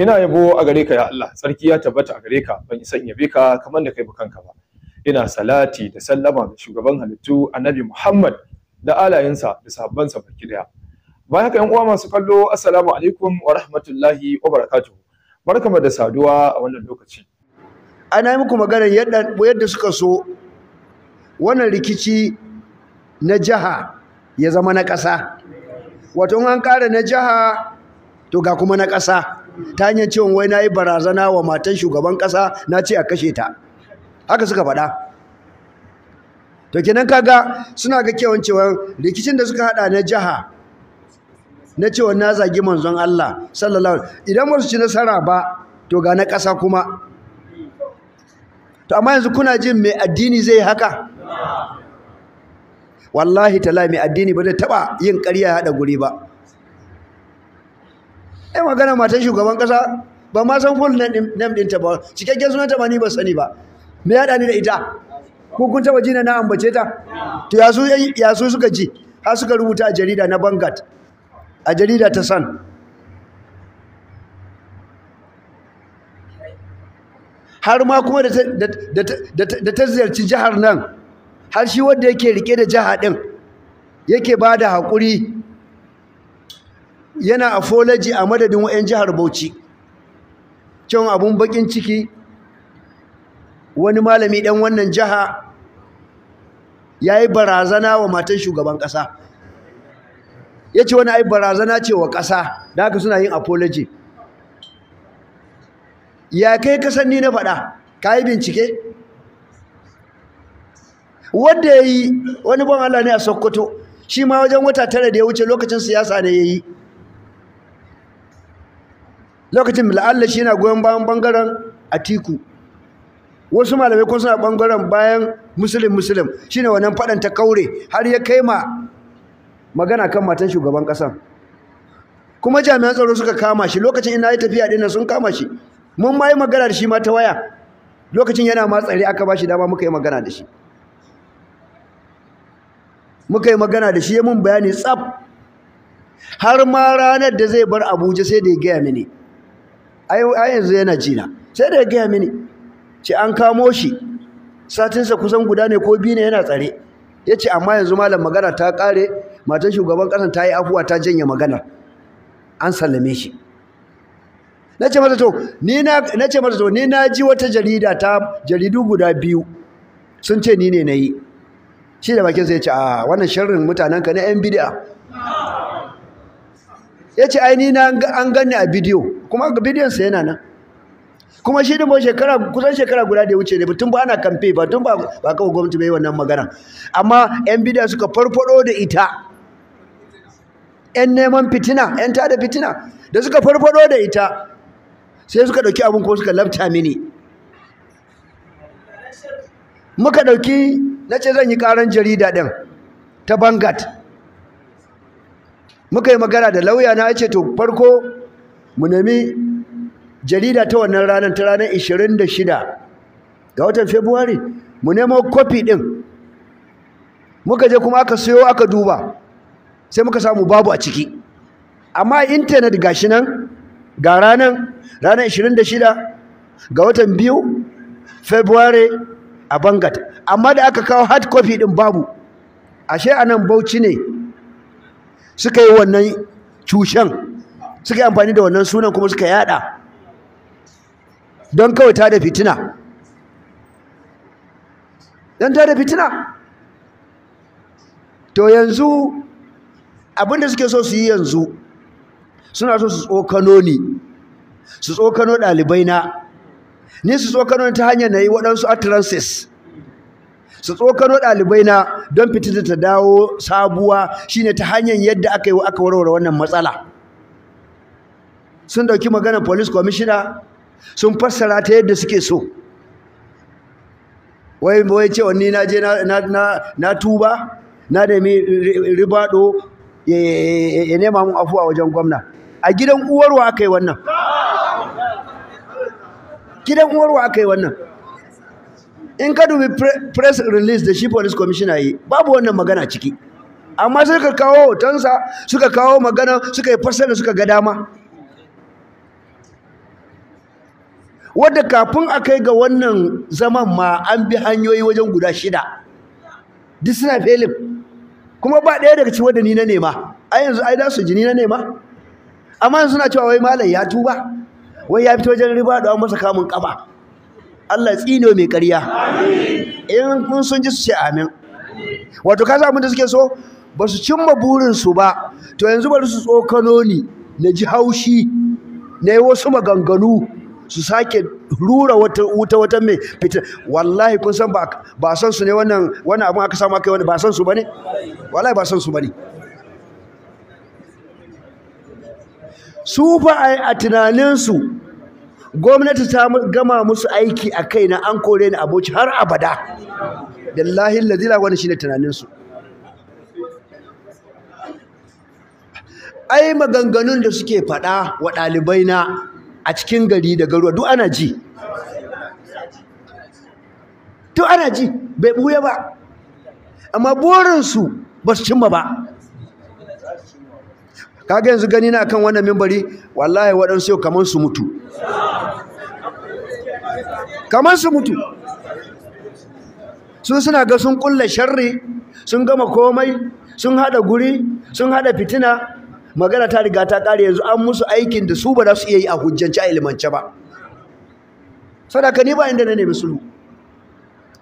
ina yabo a gare ka ya Allah tsarki ya tabbata a gare ka ban isa in yabe ka kamar da kai ba kanka ba ina salati da sallama ga shugaban halittu annabi Muhammad da alayensa da sahabbansa baki daya bayan haka yan uwa masu kallo assalamu alaikum wa rahmatullahi wa barakatuh barkamu da saduwa a wannan lokaci ana yi muku magana yadda yadda suka so wannan rikici na jaha ya zama na ƙasa wato an ƙara na jaha to ga kuma na ƙasa ta hanyar cewa wai na yi barazana wa matan shugaban kasa na ce a kashe ta haka suka faɗa to kenan kaga suna ga kewan cewa rikicin da suka haɗa na jiha na cewa na zagi manzon Allah sallallahu idan ba su ci nasara ba to ga na ƙasa kuma to amma yanzu kuna jin mai addini zai haka wallahi tala mai addini ba zai taɓa yin ƙarya ya haɗa guri ba ai magana matan shugaban kasa ba ma san full name ta ba cikakken sunanta ba ni ba sani ba me ya ni da ita ko kun taba jina na ambace ta to ya su suka ji har suka rubuta a jarida na bangat a jarida ta san har ma kuma da ta ziyarci jihar nan har shi wanda yake rike da jiha ɗin yake ba da haƙuri yana folaji a madadin wa'yan jihar Bauchi kyan abun bakin ciki wani malami dan wannan jiha yayi barazana wa matan shugaban kasa yace wani ai barazana ce wa kasa da haka suna yin apology ya kai kasan ni na faɗa kai bincike wanda yayi wani ban Allah ne a Sokoto shi ma wajen wata tara da ya wuce lokacin siyasa ne yayi lokacin la'alla shi yana goyon bayan bangaren atiku wasu malamai kun suna bangaren bayan musulun musulun shi ne wannan faɗan ta kaure har ya kai ma magana kan matan shugaban ƙasan. kuma jami'an tsaro suka kama shi lokacin ina yi tafiya ɗin sun kama shi mun ma yi magana da shi ma ta waya lokacin yana ma tsare aka ba shi dama muka yi magana da shi muka yi magana da shi ya mun bayani tsaf har ma ranar da zai bar abuja sai da ya gaya mini ai yanzu yana jina sai da ya gaya mini ce an kamo shi satinsa kusan guda ne ko biyu ne yana tsare ya ce amma yanzu malam magana ta kare, matan shugaban kasan ta yi afuwa ta janye magana an sallame shi na ce mata to ni na ji wata jarida ta jaridu guda biyu sun ce ni ne na yi shi da bakinsa ya ce a wannan sharrin mutanenka na yan bidiyar ya ce aini na an gani a bidiyo kuma bidiyon sa yana nan kuma shi dimo shekara kusan shekara guda da ya wuce ne tun ba ana kamfe ba tun ba ba kawai gwamnati bai wannan magana amma yan bidiyon suka farfado da ita yan neman fitina yan tada fitina da suka farfado da ita sai suka dauki abun ko suka labta mini muka dauki ce zan yi karan jarida din ta bangat muka yi magana da lauya na ce to farko mu nemi jarida ta wannan ranar ta ranar 26 ga watan Februari mu nemo kofi din muka je kuma aka sayo aka duba sai muka samu babu a ciki amma intanet shi nan ga ranar ranar 26 ga watan biyu Februari a Bangat amma da aka kawo hard copy din babu ashe anan Bauchi ne suka yi wannan cushen suka yi amfani da wannan sunan kuma suka yada don kawai ta da fitina don ta da fitina to yanzu abinda suke so su yi yanzu suna so su tsokano ni su tsokano ɗalibai na ni su tsokano ta hanyar na yi waɗansu utterances su tsokano ɗalibai na don da ta dawo sabuwa shine ta hanyar yadda aka yi aka warware wannan matsala sun dauki maganar police commissioner sun fassara ta yadda suke so wai wai ce wani na je na tuba na mi ribado ya nema mun afuwa wajen gwamna a gidan uwarwa aka yi wannan gidan uwarwa aka yi wannan in ka dubi press release da shi police commissioner yi babu wannan magana ciki amma sai ka kawo hotonsa suka kawo magana suka yi fassara suka ga dama wadda kafin a kai ga wannan zaman ma an bi hanyoyi wajen guda shida duk suna felim kuma ba ɗaya daga ci wadda ni na nema a yanzu ai da su ji ni na nema amma suna cewa wai malam ya tuba wai ya fito wajen riba da an masa kamun kafa Allah tsino mai ƙarya in kun sun ji su ce amin wato ka abin da suke so ba su cimma burinsu ba to yanzu bari su tsokano ni na ji haushi na yi wasu maganganu su sake rura wata wuta wata mai fitar wallahi kun san ba san su ne wannan wannan abin aka samu aka yi wani ba san su ne wallahi ba san su ba ne. su fa a tunaninsu gwamnati ta gama musu aiki a kai na an kore ni aboci har abada billahi lazila wani shine tunaninsu ai maganganun da suke faɗa wa ɗalibai na a cikin gari da garuwa duk ana ji duk ana ji bai buya ba amma burinsu ba su cimma ba kaga yanzu gani na kan wannan mimbari wallahi waɗansu yau kamar su mutu kamar su mutu su suna ga sun kulla sharri sun gama komai sun haɗa guri sun haɗa fitina magana ta riga ta kare yanzu an musu aikin da su ba za su iya yi a hujjance a ilimance ba sadaka ni ba inda na nemi sulhu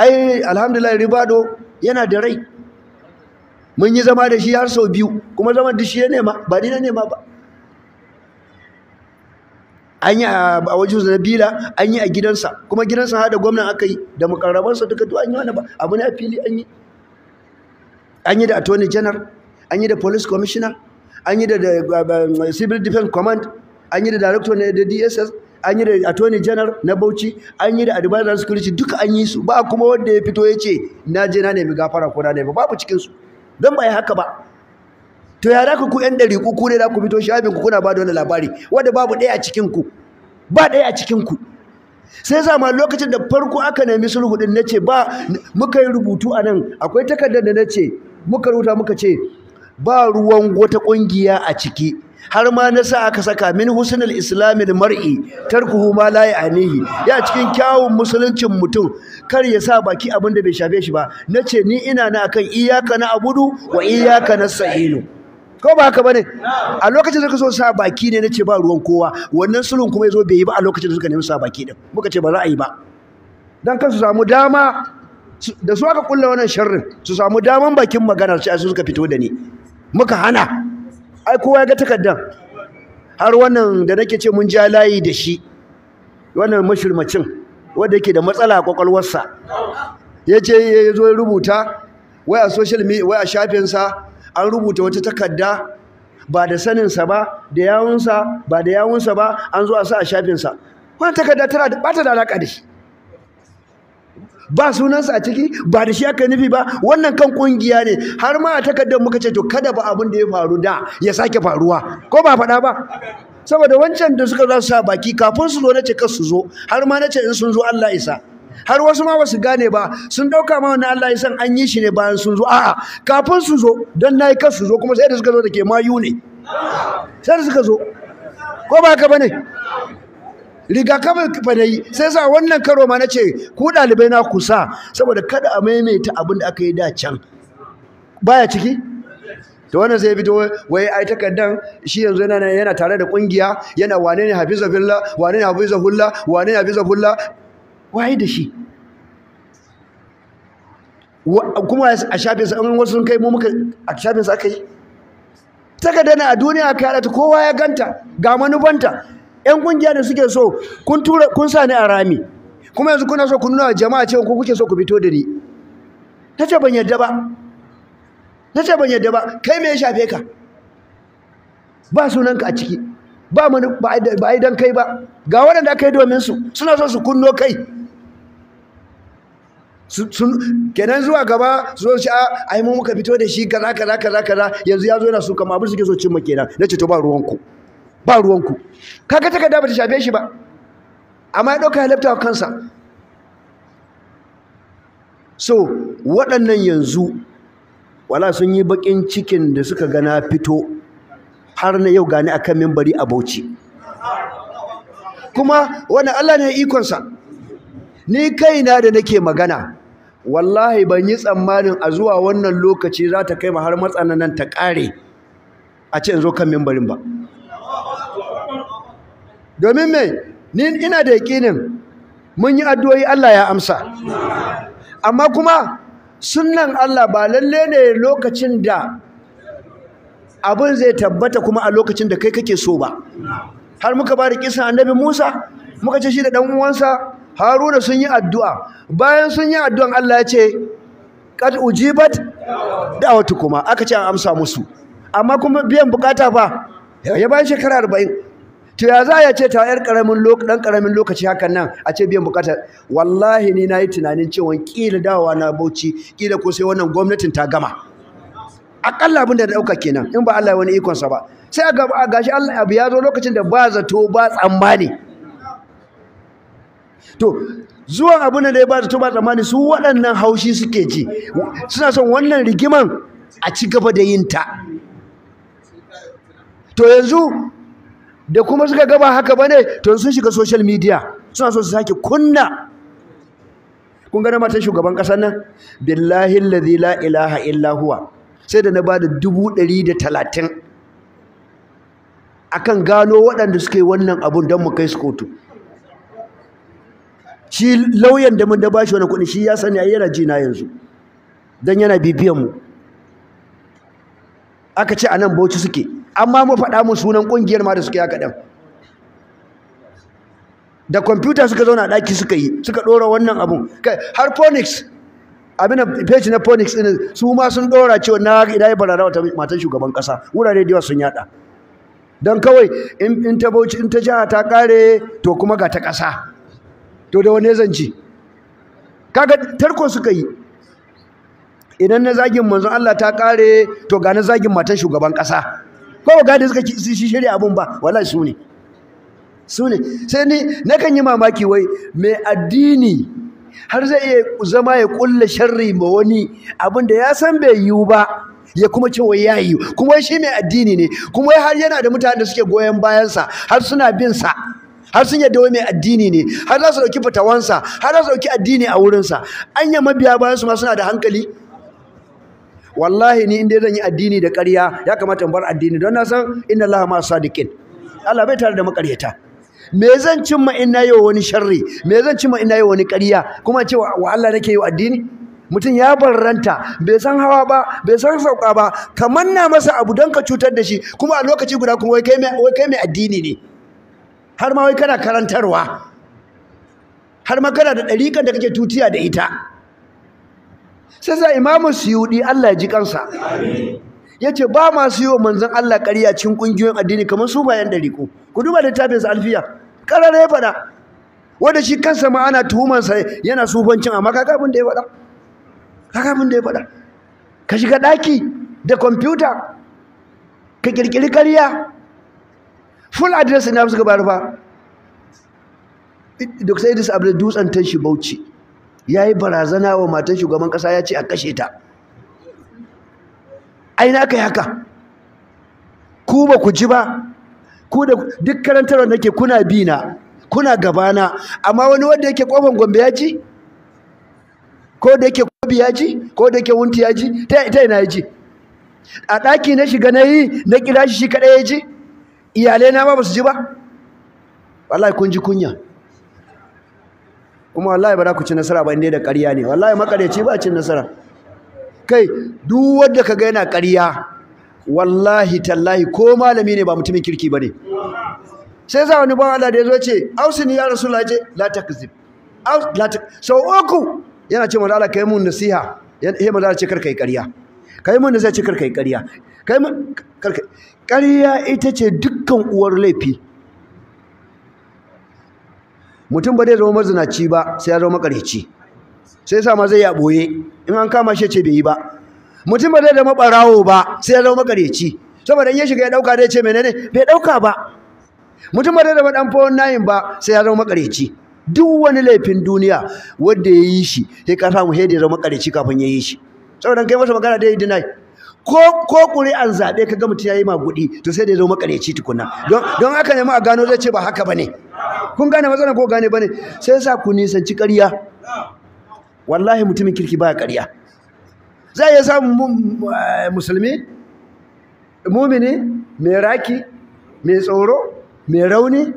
ai alhamdulillah ribado yana da rai mun yi zama da shi har sau biyu kuma zaman da shi ya nema ba ni na nema ba an yi a wajen zanabila an yi a gidansa kuma gidansa hada da gwamnan aka yi da mukarrabansa duka duk an yi wani ba abu ne a fili an yi an yi da attorney general an yi da police commissioner an yi da civil defense command an yi da director na da dss an yi da attorney general na bauchi an yi da advisor security duka an yi su ba kuma wanda ya fito ya ce na je na nemi gafara ko na nemi babu cikinsu don ba ya haka ba to ya ku ku yan ɗari ku ne da ku fito shafin ku kuna ba da wani labari wanda babu ɗaya a cikin ba ɗaya a cikin ku sai zama lokacin da farko aka nemi sulhu din nace ba muka yi rubutu a nan akwai takardar da nace muka rubuta muka ce ba ruwan wata ƙungiya a ciki har ma na sa aka saka min husnul islamil mar'i tarkuhu ma la ya'nihi ya cikin kyawun musuluncin mutum kar ya sa baki abin da bai shafe shi ba nace ni ina na akan iyyaka na abudu wa iyyaka nasta'inu ko ba haka bane a lokacin da suka so sa baki ne nace ba ruwan kowa wannan sulhun kuma yazo bai yi ba a lokacin da suka nemi sa baki din muka ce ba za a yi ba dan kan su samu dama da su aka kulla wannan sharrin su samu daman bakin magana sai su suka fito da ni muka hana ai kowa ya ga takardan har wannan da nake ce mun ja layi da shi wannan mashirmacin wanda yake da matsala a kwakwalwarsa ya ce ya zo ya rubuta wai a social media wai a shafinsa an rubuta wata takarda ba da saninsa ba da yawunsa ba da yawunsa ba an zo a sa a shafinsa wannan takarda tana ba ta da alaƙa da shi ba sunansa a ciki ba da shi aka nufi ba wannan kan kungiya ne har ma a takardar muka ce to kada ba abin da ya faru da ya sake faruwa ko ba faɗa ba saboda wancan da suka za su sa baki kafin su zo na ce kar su zo har ma na ce in sun zo Allah isa har wasu ma basu gane ba sun ɗauka ma wani Allah isan an yi shi ne bayan sun zo a'a kafin su zo don nayi kar su zo kuma sai da suka zo da ke mayu ne sai da suka zo ko ba ka bane rigakafin fa yi. sai sa wannan karo ma na ce, ku dalibai na kusa saboda kada a maimaita abin da aka yi da can baya ciki ta wannan sai fito wai ai takardan shi yanzu yana yana tare da kungiya yana wane ne hafizahullah wane ne hafizahullah wane ne hafizahullah wai da shi kuma a shafin sa an wasu sun kai mu muka a shafin sa aka yi takardan a duniya aka yada ta kowa ya ganta ga manubanta yan kungiya ne suke so kun sa ni a rami kuma yanzu kuna so kun nuna jama'a ce ku kuke so ku fito da ni ce ban yadda ba ce ban yadda ba kai me shafe ka ba sunanka a ciki ba a yi don kai ba ga waɗanda aka yi domin su suna so su kunno kai kenan zuwa gaba zo shi a ah, ai mu muka fito da shi kaza kaza kaza yanzu ya zo yana su kama abin suke so cin makina na ce to ba ruwanku ba ruwanku kaga takarda ba ta shafe shi ba amma ya ɗauka halatta kansa so waɗannan yanzu wala sun yi baƙin cikin da suka gana fito har na yau gani kan mimbari a bauchi kuma wani Allah ne ikonsa ni kaina da nake magana wallahi ban yi tsammanin a zuwa wannan lokaci za ta kai har matsananan ta ƙare a ce in zo kan mimbarin ba domin mai ni ina da yakinin mun yi addu'o'i Allah ya amsa amma kuma sunnan Allah ba lalle ne lokacin da abun zai tabbata kuma a lokacin da kai kake so ba har muka ba da kisan annabi Musa muka ce shi da dan uwansa Haruna sun yi addu'a bayan sun yi addu'an Allah ya ce qad ujibat da'watu kuma aka ce an amsa musu amma kuma biyan bukata fa ya bayan shekara arba'in. to ya za ya ce ta yar karamin lokaci dan karamin lokaci hakan nan a ce biyan bukata wallahi ni nayi tunanin cewa kila dawowa na Bauchi kila ko sai wannan gwamnatin ta gama akalla abin da dauka kenan in ba Allah wani ikon sa ba sai a gashi Allah abu ya zo lokacin da ba zato ba tsammani to zuwan abin da ya ba zato ba tsammani su waɗannan haushi suke ji suna son wannan rigiman a ci gaba da yin ta to yanzu da kuma suka gaba haka bane to sun shiga social media suna so su sake kunna kun gane matan shugaban kasar nan billahi allazi la ilaha illa huwa sai da na bada dubu ɗari da talatin akan gano waɗanda suke wannan abun don mu kai su kotu shi lauyan da mun da bashi wani kuɗi shi ya sani ai yana jina yanzu dan yana bibiyan mu aka ce anan bauchi suke amma mu faɗa mu sunan ƙungiyar ma da suka yi haka ɗan da kwamfuta suka zauna ɗaki suka yi suka ɗora wannan abun har phonics abin page na phonics ɗin su ma sun ɗora cewa na ina yi barara wata matan shugaban ƙasa wurare da yawa sun yaɗa don kawai in ta bauchi in ta jiha ta ƙare to kuma ga ta ƙasa to da wane zanci kaga tarko suka yi idan na zagin manzon Allah ta ƙare to ga na zagin matan shugaban ƙasa ko ba gadi suka shi shirya abin ba Wala su ne su ne sai ni na kan yi mamaki wai mai addini har zai iya zama ya kulla sharri ma wani abin da ya san bai yiwu ba ya kuma ce wai ya yi kuma shi mai addini ne kuma har yana da mutane da suke goyon bayansa har suna bin sa har sun yadda wai mai addini ne har za su dauki fatawansa har za su dauki addini a wurinsa anya mabiya bayansu ma suna da hankali wallahi ni inda zan yi addini da ƙarya ya kamata in bar addini don na san inna Allah ma sadiqin Allah bai tare da makaryata me zan cimma in na yi wa wani sharri me zan cimma in na yi wa wani ƙarya kuma cewa wa Allah nake yi addini mutum ya barranta bai san hawa ba bai san sauka ba Kamar na masa abu don ka cutar da shi kuma a lokaci guda kuma wai kai mai addini ne har ma wai kana karantarwa har ma kana da ɗariƙar da kake tutiya da ita sai sai imamu suyudi Allah ya ji kansa ya ce ba masu yi wa manzan Allah ƙarya cikin ƙungiyoyin addini kamar su bayan ɗari ku duba littafinsa alfiya ƙarar ya faɗa wanda shi kansa ma ana tuhumarsa yana sufancin amma kaga abin da ya faɗa kaga abin da ya faɗa ka shiga ɗaki da kwamfuta ka ƙirƙiri ƙarya full address na suka bayar ba Dr. Idris Abdul Dutsen shi Bauchi ya yi barazana wa matan shugaban kasa ya ce a kashe ta ina ka kai haka ku ba ku ji ba ku da duk karantarwa ke kuna bi na kuna gabana amma wani wanda yake kofan gombe ya ji ko da yake kobi ya ji ko da yake wunti ya ji ta ina ya ji a ɗaki na shiga na yi na kira shi shi kaɗai ya ji iyalai na ba ba su ji ba wallahi kun ji kunya kuma wallahi ba za ku ci nasara ba inda da ƙarya ne wallahi makareci ba cin nasara kai duk wanda kaga yana ƙarya wallahi tallahi ko malami ne ba mutumin kirki bane sai za wani ban Allah da yazo ce ni ya rasulullahi ce la takzib aus la tak so oku yana ce manzo Allah kai mun nasiha he manzo Allah ce kar kai ƙarya kai mun nasiha ce kar kai ƙarya kai mun kar kai ƙarya ita ce dukkan uwar laifi mutum ba zai zama mazinaci ba sai ya zama makareci sai sama ma zai ya boye in an kama shi ce bai yi ba mutum ba zai zama barawo ba sai ya zama makareci saboda in ya shiga ya dauka zai ce menene bai dauka ba mutum ba zai zama dan fawon nayin ba sai ya zama makareci duk wani laifin duniya wanda ya yi shi sai ka samu sai da ya zama makareci kafin ya yi shi saboda kai masa magana da yi dinai ko ko ƙuri'an zaɓe ka ga ya yi maguɗi to sai da ya zama makareci tukuna don aka ne a gano zai ce ba haka ba ne kun gane matsala ko gane ba ne sai sa ku nisanci ƙarya wallahi mutumin kirki ba ƙarya za a iya samun eh, musulmi mumini mai raki mai tsoro mai rauni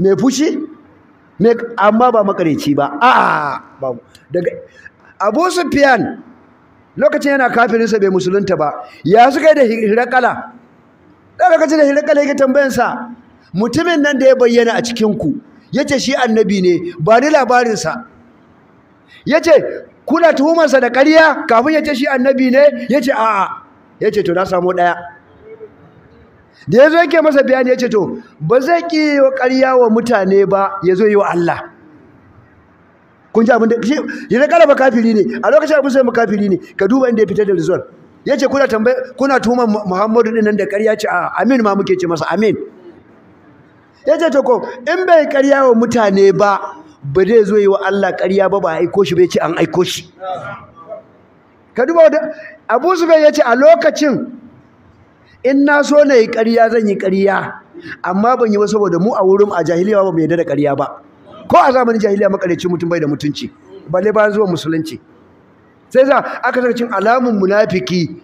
mai fushi amma ba makareci ba a'a ba abu sufiyan lokacin yana kafirinsa bai musulunta ba ya suka yi da hirakala ɗan lokacin da hirakala yake tambayansa mutumin nan da ya bayyana a cikinku ya ce shi annabi ne ba ni labarinsa ya ce kuna tuhumarsa da ƙarya kafin ya ce shi annabi ne ya ce a'a ya ce to na samu ɗaya da ya zo yake masa bayani ya ce to ba zai ƙi wa ƙarya wa mutane ba ya zo yi wa Allah kun ji abin da shi yana kala kafiri ne a lokacin abin sai kafiri ne ka duba inda ya fitar da result yace kuna tambaye kuna tuhuma Muhammadu din nan da ƙarya ce a amin ma muke ce masa amin yace to ko in bai ƙarya wa mutane ba ba zai zo yi wa Allah ƙarya ba ba aiko shi bai ce an aiko shi ka duba da Abu Sufyan yace a lokacin in na so na yi ƙarya zan yi ƙarya amma ban yi ba saboda mu a wurin a jahiliya ba mu yarda da ƙarya ba ko a zamanin jahiliya makareci mutum bai da mutunci balle bayan zuwa musulunci sai za aka saka cin alamun munafiki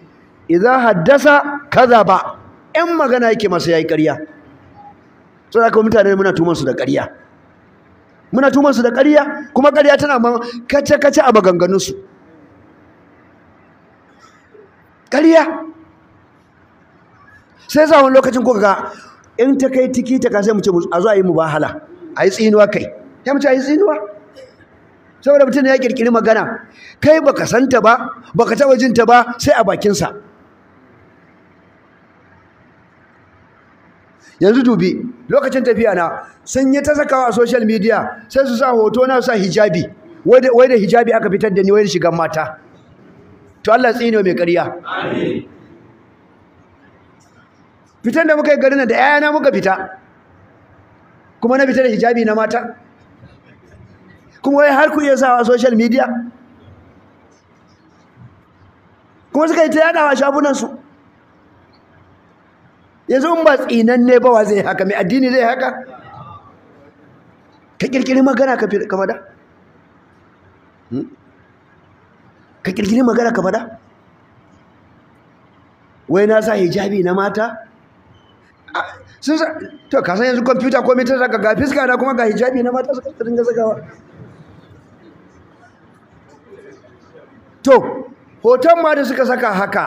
idza haddasa kaza ba yan magana yake masa yayi ƙarya so da kuma mutane muna tuman su da ƙarya muna tuman su da ƙarya kuma ƙarya tana ma kace kace a maganganun su ƙarya sai za wani lokacin kuka ga in ta kai tiki ta kasai mu ce a zo a yi mubahala a yi tsinuwa kai ya mace yi tsinuwa saboda mutum ya kirkiri magana kai baka santa ba baka taba jinta ba sai a bakinsa yanzu dubi lokacin tafiya na sun yi ta sakawa a social media sai su sa hoto na sa hijabi wai da hijabi aka fitar da ni wai da shigan mata to Allah tsino mai ƙarya fitar da muka yi garin da na muka fita kuma na fitar da hijabi na mata kuma wai har ku iya sawa social media kuma suka yi ta wa shafunansu? yanzu in ba ne ba wa zai haka mai addini zai haka ka kirkiri magana ka fada ka hmm? kirkiri magana ka fada wai na sa hijabi na mata sun sa to ka san yanzu kwamfuta ko mitar ga fiska na kuma ga hijabi na mata suka dinga sakawa to hoton ma da suka saka haka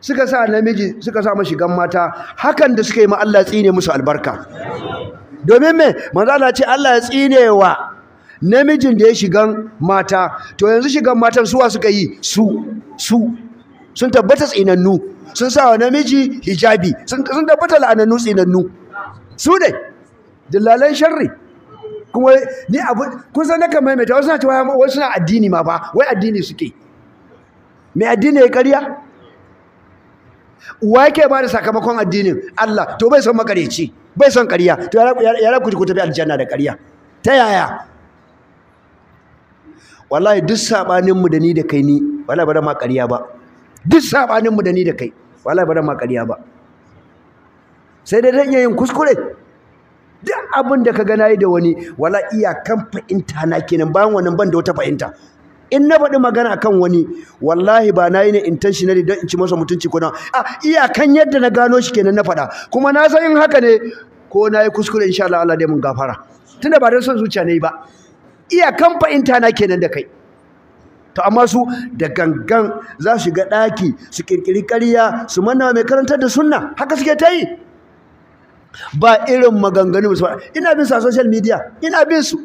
suka sa namiji suka sa mashigan mata hakan da suka yi ma Allah tsine musu albarka domin me manzana ce Allah ya tsine wa namijin da ya shigan mata to yanzu shigan matan suwa suka yi su su sun tabbata tsinannu sun sa wa namiji hijabi sun tabbata la'anannu tsinannu su ne dillalan sharri kuma ni abu kun san nakan maimaita wasu na cewa wai suna addini ma ba? wai addini suke mai addini ya karya wa yake ba da sakamakon addinin Allah to bai son makareci bai son karya to ya ra ku tafi aljanna da karya ta yaya wallahi duk sabanin mu da ni da kai ni wallahi ba da makariya karya ba duk sabanin mu da ni da kai wallahi ba da makariya karya ba sai dai dan yin kuskure duk abin da ka ga nayi da wani wala kan fahimta na kenan bayan wannan ban da wata fahimta in na faɗi magana kan wani wallahi ba na yi ne intentionally don in ci masa mutunci ko na a kan yadda na gano shi kenan na faɗa kuma na san in haka ne ko na yi kuskure insha Allah Allah mun gafara tunda ba don son zuciya ne ba iyakan fahimta na kenan da kai to amma su da gangan za su shiga ɗaki su kirkiri ƙarya su manna mai karantar da sunna haka suke ta yi ba irin maganganu ba ina bin su a social media ina bin su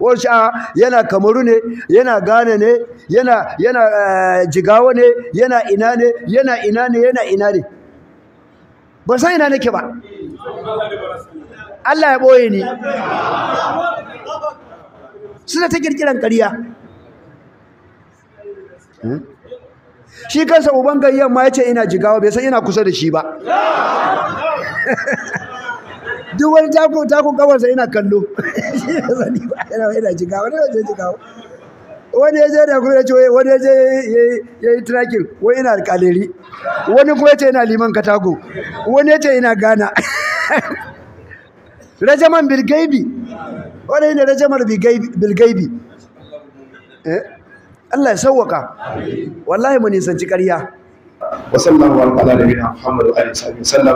wacce ah, yana kamaru ne yana gane ne yana yana eh, jigawa ne yana ina ne yana ina ne yana ina ne ba san ina nake ba Allah ya boye ni suna ta kirkiran kariya hmm? shi kansa uban gayyan ma ya ce ina jigawa bai san ina kusa da shi ba duk wani tako tako kawarsa ina kallo yana jiga wani ya je jiga wani ya je da kuma ya ce wani ya je ya yi tracking wani ina alƙaleri wani kuma ya ce yana liman katako wani ya ce yana gana rajaman bilgaibi wani yana rajamar bilgaibi eh? Allah ya sauwaka wallahi mu nisanci ƙarya wa sallallahu ala nabiyina muhammadu alaihi wasallam